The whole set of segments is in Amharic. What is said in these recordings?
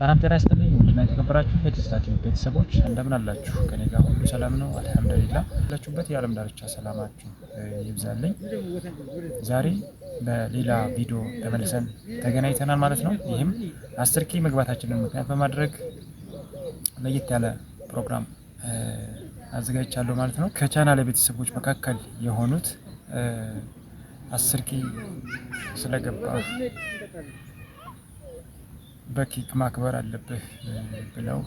በጣም ጤና ይስጥልኝ ውድና የተከበራችሁ ቤተሰቦች እንደምን አላችሁ? ከኔ ጋር ሁሉ ሰላም ነው፣ አልሐምዱሊላ። ያላችሁበት የዓለም ዳርቻ ሰላማችሁ ይብዛልኝ። ዛሬ በሌላ ቪዲዮ ተመልሰን ተገናኝተናል ማለት ነው። ይህም አስር ኬ መግባታችንን ምክንያት በማድረግ ለየት ያለ ፕሮግራም አዘጋጅቻለሁ ማለት ነው። ከቻናል ቤተሰቦች መካከል የሆኑት አስር ስለገባ በኬክ ማክበር አለብህ ብለው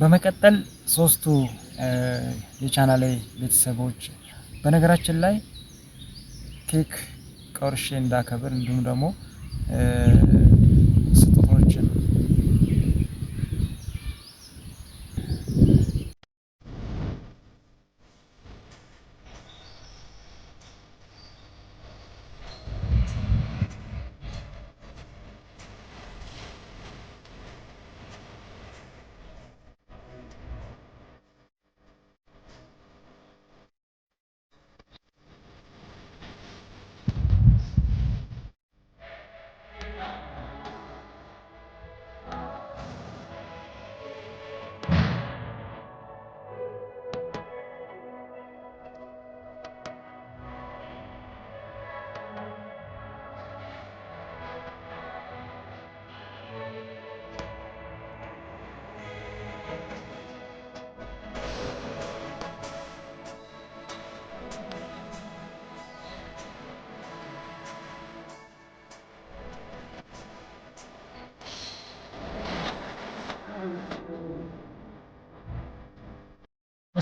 በመቀጠል ሶስቱ የቻናሌ ቤተሰቦች በነገራችን ላይ ኬክ ቆርሼ እንዳከብር እንዲሁም ደግሞ 呃。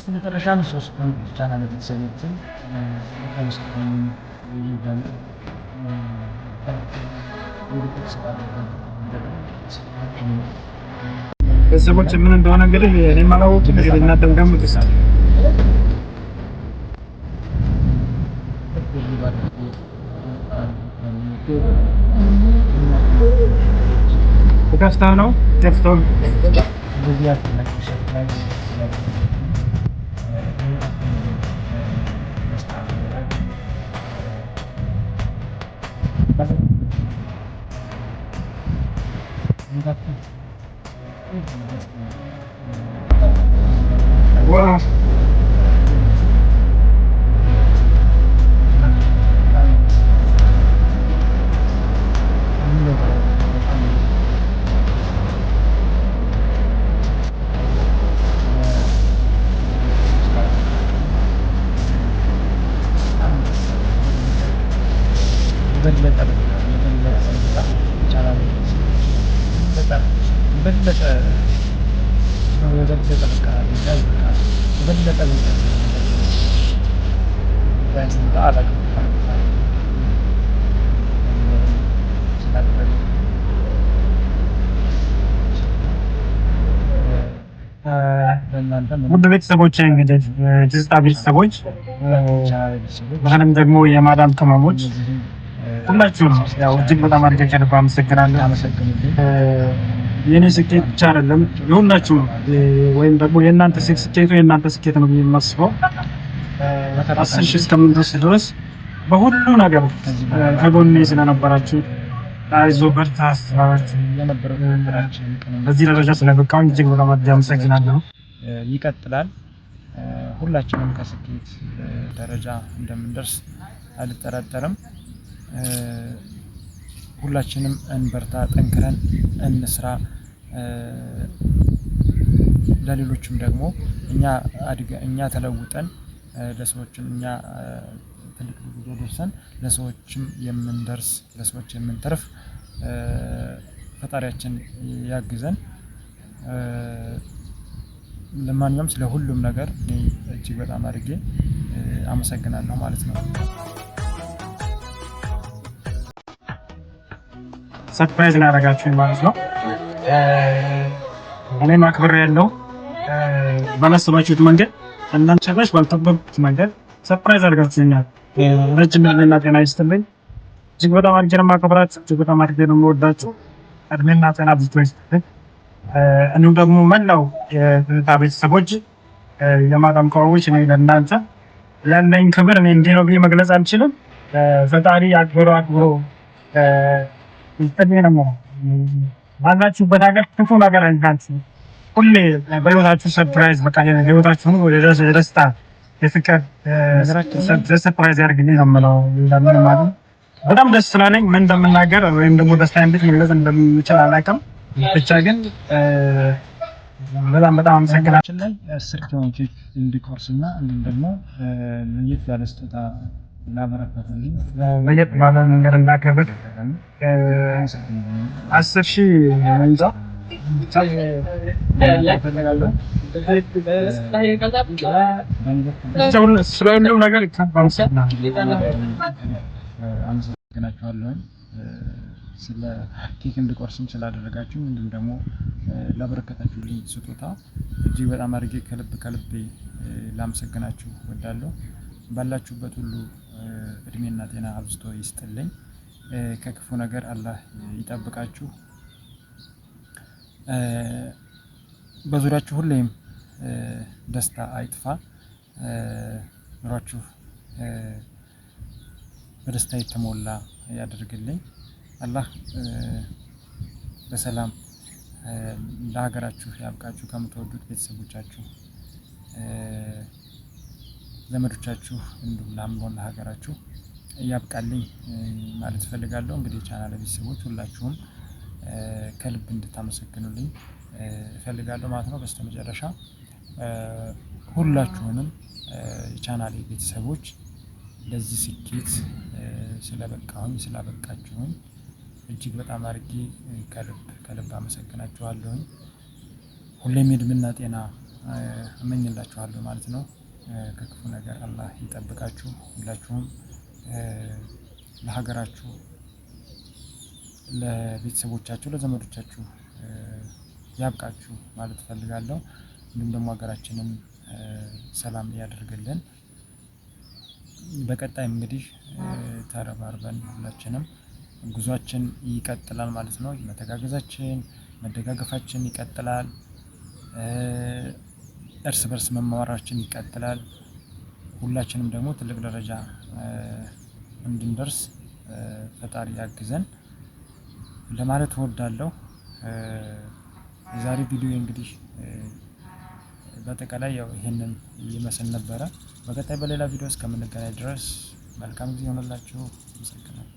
በስተመጨረሻም ሶስት ቻናል ቤተሰቦችን ቤተሰቦች ምን እንደሆነ እንግዲህ እኔም አላወኩም። እንግዲህ እናንተ ገምቱ። ተከስታ ነው ተፍቶ Wow. Thank you. የበለጠ የበለጠ በቃ የበለጠ ውድ ቤተሰቦች እንግዲህ ትዝታ ቤተሰቦች ባህልም ደግሞ የማዳም ቅመሞች ሁላችሁም ያው እጅግ በጣም አድርጌ ከልብ አመሰግናለን። የእኔ ስኬት ብቻ አይደለም የሁላችሁ ወይም ደግሞ የእናንተ ስኬቱ የእናንተ ስኬት ነው የሚመስለው። አስር ሺህ እስከምንደርስ ድረስ በሁሉ ነገር ከጎኔ ስለነበራችሁ አይዞህ በርታ ስላላችሁ በዚህ ደረጃ ስለበቃሁ እጅግ በጣም አመሰግናለሁ። ይቀጥላል። ሁላችንም ከስኬት ደረጃ እንደምንደርስ አልጠረጠርም። ሁላችንም እንበርታ፣ ጠንክረን እንስራ። ለሌሎችም ደግሞ እኛ አድገ እኛ ተለውጠን ለሰዎችም እኛ ትልቅ ጉዞ ደርሰን ለሰዎችም የምንደርስ ለሰዎች የምንተርፍ ፈጣሪያችን ያግዘን። ለማንኛውም ስለ ሁሉም ነገር እጅግ በጣም አድርጌ አመሰግናለሁ ማለት ነው። ሰርፕራይዝ ላደረጋችሁኝ ማለት ነው። እኔ ማክበር ያለው ባላሰባችሁት መንገድ እናንተ ሰዎች ባልጠበቁት መንገድ ሰርፕራይዝ አድርጋችሁኛል። ረጅም ያለና ጤና ይስጥልኝ። እጅግ በጣም አድርጌ ነው የማከብራችሁ። እጅግ በጣም አድርጌ ነው የምወዳችሁ። እድሜና ጤና ብዙ ይስጥልኝ። እንዲሁም ደግሞ መላው የትንታ ቤተሰቦች የማዳም ቅመሞች፣ እኔ ለእናንተ ያለኝ ክብር እኔ እንዲህ ነው ብዬ መግለጽ አልችልም። ፈጣሪ አክብሮ አክብሮ ባላችሁበት ሀገር ክፉ ነገር ሁሌ በህይወታችሁ ሰርፕራይዝ በቃ የፍቅር ሰርፕራይዝ ነው የምለው። በጣም ደስ ስላለኝ ምን እንደምናገር ወይም ደግሞ ደስታ እንዴት መግለጽ እንደምችል አላውቅም። ብቻ ግን በጣም በጣም አመሰግናችን ላይ ስርክ ሆንች እንዲኮርስና እንዲሁም ደግሞ ለየት ያለ ስጦታ ለየት ባለ መንገድ እንዳከብር አስር ሺህ መንጻ ስለ ሁሉም ነገር አመሰግናችኋለሁ። ስለ ኬክ እንድቆርስም ስላደረጋችሁ እንዲሁም ደግሞ ለበረከታችሁልኝ ስጦታ እጅግ በጣም አድርጌ ከልብ ከልቤ ላመሰግናችሁ ወዳለሁ። ባላችሁበት ሁሉ እድሜና ጤና አብዝቶ ይስጥልኝ። ከክፉ ነገር አላህ ይጠብቃችሁ። በዙሪያችሁ ሁሌም ደስታ አይጥፋ። ኑሯችሁ በደስታ የተሞላ ያደርግልኝ። አላህ በሰላም ለሀገራችሁ ያብቃችሁ። ከምትወዱት ቤተሰቦቻችሁ ለዘመዶቻችሁ እንዲሁም ለአምቦና ለሀገራችሁ እያብቃልኝ ማለት እፈልጋለሁ። እንግዲህ የቻናል ቤተሰቦች ሁላችሁም ከልብ እንድታመሰግኑልኝ እፈልጋለሁ ማለት ነው። በስተ መጨረሻ ሁላችሁንም የቻናል ቤተሰቦች ለዚህ ስኬት ስለበቃሁኝ ስላበቃችሁኝ እጅግ በጣም አድርጌ ከልብ ከልብ አመሰግናችኋለሁኝ። ሁሌም ዕድሜና ጤና እመኝላችኋለሁ ማለት ነው። ከክፉ ነገር አላህ ይጠብቃችሁ። ሁላችሁም ለሀገራችሁ፣ ለቤተሰቦቻችሁ፣ ለዘመዶቻችሁ ያብቃችሁ ማለት እፈልጋለሁ። እንዲሁም ደግሞ ሀገራችንም ሰላም እያደርግልን በቀጣይ እንግዲህ ተረባርበን ሁላችንም ጉዟችን ይቀጥላል ማለት ነው። መተጋገዛችን መደጋገፋችን ይቀጥላል። እርስ በርስ መማማራችን ይቀጥላል። ሁላችንም ደግሞ ትልቅ ደረጃ እንድንደርስ ፈጣሪ ያግዘን ለማለት እወዳለሁ። የዛሬ ቪዲዮ እንግዲህ በአጠቃላይ ያው ይህንን ይመስል ነበረ። በቀጣይ በሌላ ቪዲዮ እስከምንገናኝ ድረስ መልካም ጊዜ ይሆንላችሁ። አመሰግናለሁ።